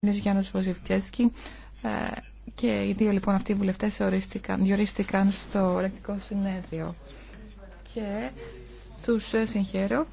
Είναι ο Γιάννου Βοζιβκέσκι ε, και οι δύο λοιπόν αυτοί οι βουλευτέ ορίστηκαν, διορίστηκαν στο ελεκτικό συνέδριο και τους ε, συγχαίρω